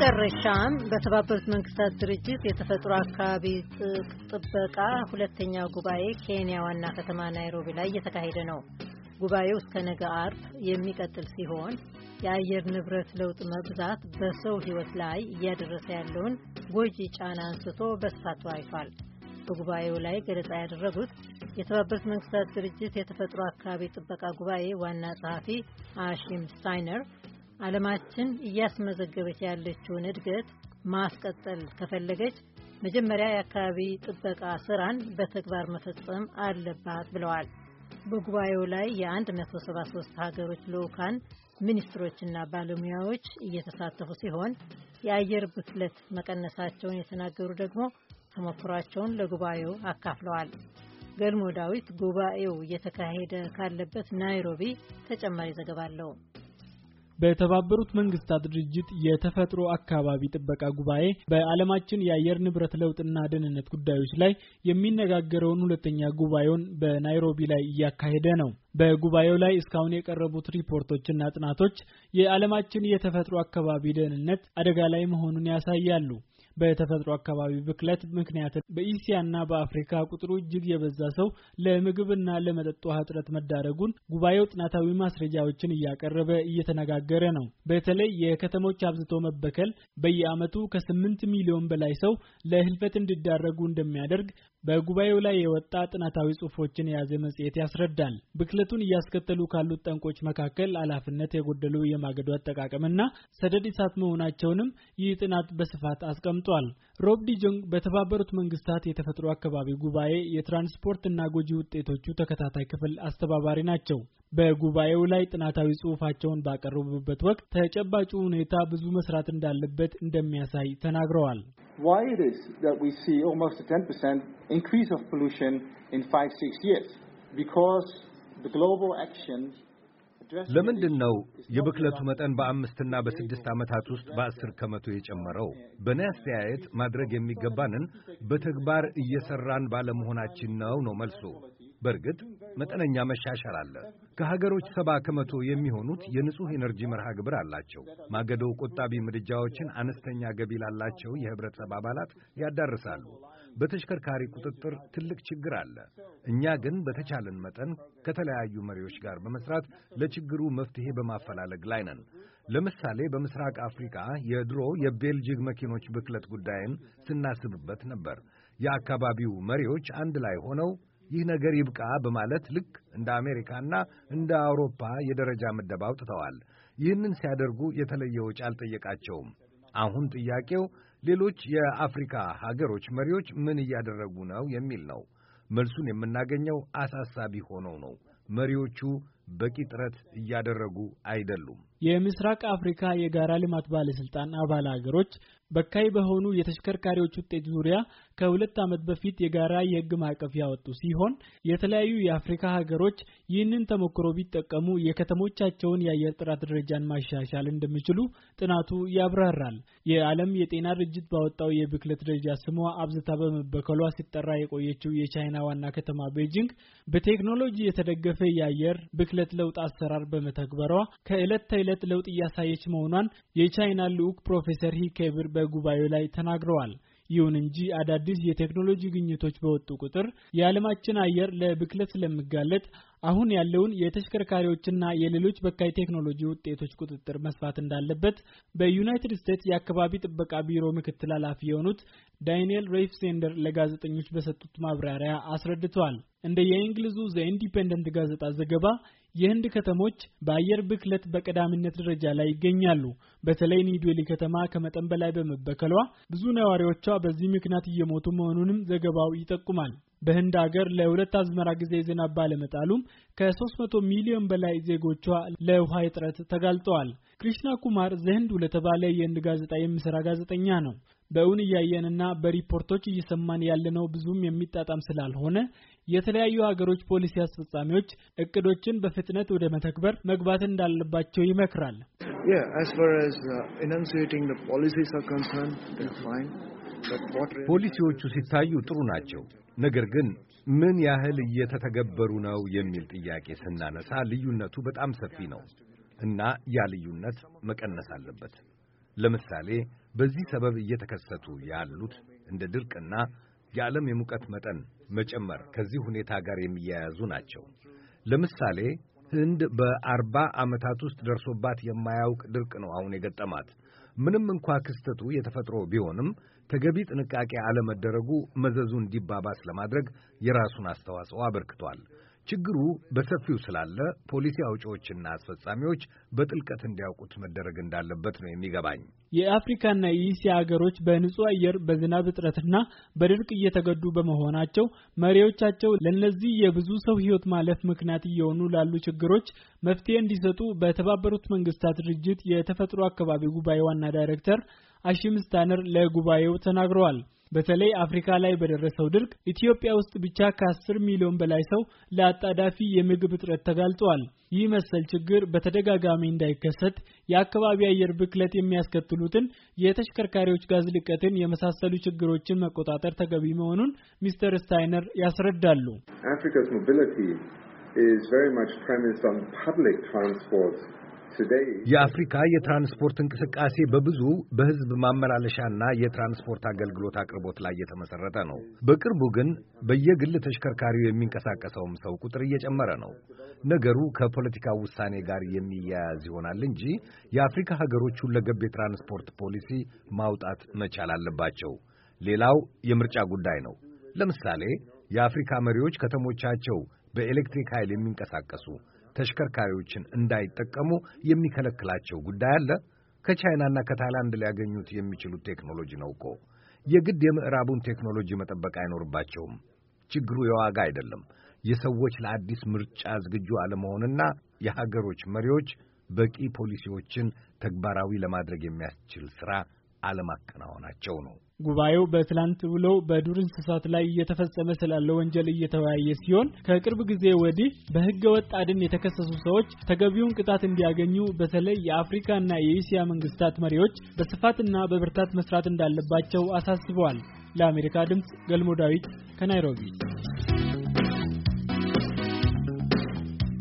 በመጨረሻም በተባበሩት መንግስታት ድርጅት የተፈጥሮ አካባቢ ጥበቃ ሁለተኛ ጉባኤ ኬንያ ዋና ከተማ ናይሮቢ ላይ እየተካሄደ ነው። ጉባኤው እስከ ነገ አርብ የሚቀጥል ሲሆን የአየር ንብረት ለውጥ መብዛት በሰው ሕይወት ላይ እያደረሰ ያለውን ጎጂ ጫና አንስቶ በስፋት ተወያይቷል። በጉባኤው ላይ ገለጻ ያደረጉት የተባበሩት መንግስታት ድርጅት የተፈጥሮ አካባቢ ጥበቃ ጉባኤ ዋና ጸሐፊ አሺም ስታይነር ዓለማችን እያስመዘገበች ያለችውን እድገት ማስቀጠል ከፈለገች መጀመሪያ የአካባቢ ጥበቃ ስራን በተግባር መፈጸም አለባት ብለዋል። በጉባኤው ላይ የ173 ሀገሮች ልዑካን ሚኒስትሮችና ባለሙያዎች እየተሳተፉ ሲሆን የአየር ብክለት መቀነሳቸውን የተናገሩ ደግሞ ተሞክሯቸውን ለጉባኤው አካፍለዋል። ገልሞ ዳዊት ጉባኤው እየተካሄደ ካለበት ናይሮቢ ተጨማሪ ዘገባ አለው። በተባበሩት መንግስታት ድርጅት የተፈጥሮ አካባቢ ጥበቃ ጉባኤ በዓለማችን የአየር ንብረት ለውጥና ደህንነት ጉዳዮች ላይ የሚነጋገረውን ሁለተኛ ጉባኤውን በናይሮቢ ላይ እያካሄደ ነው። በጉባኤው ላይ እስካሁን የቀረቡት ሪፖርቶችና ጥናቶች የዓለማችን የተፈጥሮ አካባቢ ደህንነት አደጋ ላይ መሆኑን ያሳያሉ። በተፈጥሮ አካባቢ ብክለት ምክንያት በኢሲያና በአፍሪካ ቁጥሩ እጅግ የበዛ ሰው ለምግብና ለመጠጥ ውሃ እጥረት መዳረጉን ጉባኤው ጥናታዊ ማስረጃዎችን እያቀረበ እየተነጋገረ ነው። በተለይ የከተሞች አብዝቶ መበከል በየዓመቱ ከስምንት ሚሊዮን በላይ ሰው ለህልፈት እንዲዳረጉ እንደሚያደርግ በጉባኤው ላይ የወጣ ጥናታዊ ጽሁፎችን የያዘ መጽሔት ያስረዳል። ብክለቱን እያስከተሉ ካሉት ጠንቆች መካከል አላፍነት የጎደሉ የማገዶ አጠቃቀምና ሰደድ እሳት መሆናቸውንም ይህ ጥናት በስፋት አስቀምጧል። ገልጧል። ሮብ ዲጆንግ በተባበሩት መንግስታት የተፈጥሮ አካባቢ ጉባኤ የትራንስፖርት እና ጎጂ ውጤቶቹ ተከታታይ ክፍል አስተባባሪ ናቸው። በጉባኤው ላይ ጥናታዊ ጽሑፋቸውን ባቀረቡበት ወቅት ተጨባጩ ሁኔታ ብዙ መስራት እንዳለበት እንደሚያሳይ ተናግረዋል። ለምንድን ነው የብክለቱ መጠን በአምስትና በስድስት ዓመታት ውስጥ በአስር ከመቶ የጨመረው? በእኔ አስተያየት ማድረግ የሚገባንን በተግባር እየሠራን ባለመሆናችን ነው ነው መልሶ። በእርግጥ መጠነኛ መሻሻል አለ። ከሀገሮች ሰባ ከመቶ የሚሆኑት የንጹሕ ኤነርጂ መርሃ ግብር አላቸው። ማገዶ ቆጣቢ ምድጃዎችን አነስተኛ ገቢ ላላቸው የህብረተሰብ አባላት ያዳርሳሉ። በተሽከርካሪ ቁጥጥር ትልቅ ችግር አለ። እኛ ግን በተቻለን መጠን ከተለያዩ መሪዎች ጋር በመስራት ለችግሩ መፍትሄ በማፈላለግ ላይ ነን። ለምሳሌ በምስራቅ አፍሪካ የድሮ የቤልጅግ መኪኖች ብክለት ጉዳይን ስናስብበት ነበር። የአካባቢው መሪዎች አንድ ላይ ሆነው ይህ ነገር ይብቃ በማለት ልክ እንደ አሜሪካና እንደ አውሮፓ የደረጃ ምደባ አውጥተዋል። ይህንን ሲያደርጉ የተለየ ወጪ አልጠየቃቸውም። አሁን ጥያቄው ሌሎች የአፍሪካ ሀገሮች መሪዎች ምን እያደረጉ ነው የሚል ነው። መልሱን የምናገኘው አሳሳቢ ሆነው ነው። መሪዎቹ በቂ ጥረት እያደረጉ አይደሉም። የምስራቅ አፍሪካ የጋራ ልማት ባለስልጣን አባል ሀገሮች በካይ በሆኑ የተሽከርካሪዎች ውጤት ዙሪያ ከሁለት ዓመት በፊት የጋራ የሕግ ማዕቀፍ ያወጡ ሲሆን የተለያዩ የአፍሪካ ሀገሮች ይህንን ተሞክሮ ቢጠቀሙ የከተሞቻቸውን የአየር ጥራት ደረጃን ማሻሻል እንደሚችሉ ጥናቱ ያብራራል። የዓለም የጤና ድርጅት ባወጣው የብክለት ደረጃ ስሟ አብዝታ በመበከሏ ሲጠራ የቆየችው የቻይና ዋና ከተማ ቤጂንግ በቴክኖሎጂ የተደገፈ የአየር ብክለት ለውጥ አሰራር በመተግበሯ ከዕለት ተዕለት ለውጥ እያሳየች መሆኗን የቻይና ልዑክ ፕሮፌሰር ሂኬብር በጉባኤው ላይ ተናግረዋል። ይሁን እንጂ አዳዲስ የቴክኖሎጂ ግኝቶች በወጡ ቁጥር የዓለማችን አየር ለብክለት ስለሚጋለጥ አሁን ያለውን የተሽከርካሪዎችና የሌሎች በካይ ቴክኖሎጂ ውጤቶች ቁጥጥር መስፋት እንዳለበት በዩናይትድ ስቴትስ የአካባቢ ጥበቃ ቢሮ ምክትል ኃላፊ የሆኑት ዳንኤል ሬይፍ ሴንደር ለጋዜጠኞች በሰጡት ማብራሪያ አስረድተዋል። እንደ የእንግሊዙ ዘኢንዲፔንደንት ጋዜጣ ዘገባ የህንድ ከተሞች በአየር ብክለት በቀዳሚነት ደረጃ ላይ ይገኛሉ። በተለይ ኒውዴሊ ከተማ ከመጠን በላይ በመበከሏ ብዙ ነዋሪዎቿ በዚህ ምክንያት እየሞቱ መሆኑንም ዘገባው ይጠቁማል። በህንድ ሀገር ለሁለት አዝመራ ጊዜ ዝናብ ባለመጣሉም ከ300 ሚሊዮን በላይ ዜጎቿ ለውሃ እጥረት ተጋልጠዋል። ክሪሽና ኩማር ዘህንዱ ለተባለ የህንድ ጋዜጣ የሚሰራ ጋዜጠኛ ነው። በእውን እያየንና በሪፖርቶች እየሰማን ያለነው ብዙም የሚጣጣም ስላልሆነ የተለያዩ ሀገሮች ፖሊሲ አስፈጻሚዎች እቅዶችን በፍጥነት ወደ መተግበር መግባት እንዳለባቸው ይመክራል። uh, ፖሊሲዎቹ ሲታዩ ጥሩ ናቸው። ነገር ግን ምን ያህል እየተተገበሩ ነው የሚል ጥያቄ ስናነሳ ልዩነቱ በጣም ሰፊ ነው እና ያ ልዩነት መቀነስ አለበት። ለምሳሌ በዚህ ሰበብ እየተከሰቱ ያሉት እንደ ድርቅና የዓለም የሙቀት መጠን መጨመር ከዚህ ሁኔታ ጋር የሚያያዙ ናቸው። ለምሳሌ ህንድ በአርባ ዓመታት ውስጥ ደርሶባት የማያውቅ ድርቅ ነው አሁን የገጠማት። ምንም እንኳ ክስተቱ የተፈጥሮ ቢሆንም ተገቢ ጥንቃቄ አለመደረጉ መዘዙ እንዲባባስ ለማድረግ የራሱን አስተዋጽኦ አበርክቷል። ችግሩ በሰፊው ስላለ ፖሊሲ አውጪዎችና አስፈጻሚዎች በጥልቀት እንዲያውቁት መደረግ እንዳለበት ነው የሚገባኝ። የአፍሪካና የኢሲያ ሀገሮች በንጹህ አየር በዝናብ እጥረትና በድርቅ እየተገዱ በመሆናቸው መሪዎቻቸው ለእነዚህ የብዙ ሰው ሕይወት ማለፍ ምክንያት እየሆኑ ላሉ ችግሮች መፍትሄ እንዲሰጡ በተባበሩት መንግስታት ድርጅት የተፈጥሮ አካባቢ ጉባኤ ዋና ዳይሬክተር አሺም ስታነር ለጉባኤው ተናግረዋል። በተለይ አፍሪካ ላይ በደረሰው ድርቅ ኢትዮጵያ ውስጥ ብቻ ከ ከ10 ሚሊዮን በላይ ሰው ለአጣዳፊ የምግብ እጥረት ተጋልጧል። ይህ መሰል ችግር በተደጋጋሚ እንዳይከሰት የአካባቢ አየር ብክለት የሚያስከትሉትን የተሽከርካሪዎች ጋዝ ልቀትን የመሳሰሉ ችግሮችን መቆጣጠር ተገቢ መሆኑን ሚስተር ስታይነር ያስረዳሉ። is very much premised on public transport. የአፍሪካ የትራንስፖርት እንቅስቃሴ በብዙ በህዝብ ማመላለሻና የትራንስፖርት አገልግሎት አቅርቦት ላይ የተመሰረተ ነው። በቅርቡ ግን በየግል ተሽከርካሪው የሚንቀሳቀሰውም ሰው ቁጥር እየጨመረ ነው። ነገሩ ከፖለቲካ ውሳኔ ጋር የሚያያዝ ይሆናል እንጂ የአፍሪካ ሀገሮች ሁለገብ የትራንስፖርት ፖሊሲ ማውጣት መቻል አለባቸው። ሌላው የምርጫ ጉዳይ ነው። ለምሳሌ የአፍሪካ መሪዎች ከተሞቻቸው በኤሌክትሪክ ኃይል የሚንቀሳቀሱ ተሽከርካሪዎችን እንዳይጠቀሙ የሚከለክላቸው ጉዳይ አለ? ከቻይናና ከታይላንድ ሊያገኙት የሚችሉት ቴክኖሎጂ ነው እኮ። የግድ የምዕራቡን ቴክኖሎጂ መጠበቅ አይኖርባቸውም። ችግሩ የዋጋ አይደለም፣ የሰዎች ለአዲስ ምርጫ ዝግጁ አለመሆንና የሀገሮች መሪዎች በቂ ፖሊሲዎችን ተግባራዊ ለማድረግ የሚያስችል ሥራ አለማከናወናቸው ነው። ጉባኤው በትላንት ብለው በዱር እንስሳት ላይ እየተፈጸመ ስላለ ወንጀል እየተወያየ ሲሆን ከቅርብ ጊዜ ወዲህ በሕገ ወጥ አድን የተከሰሱ ሰዎች ተገቢውን ቅጣት እንዲያገኙ በተለይ የአፍሪካና የእስያ መንግስታት መሪዎች በስፋትና በብርታት መስራት እንዳለባቸው አሳስበዋል። ለአሜሪካ ድምፅ ገልሞ ዳዊት ከናይሮቢ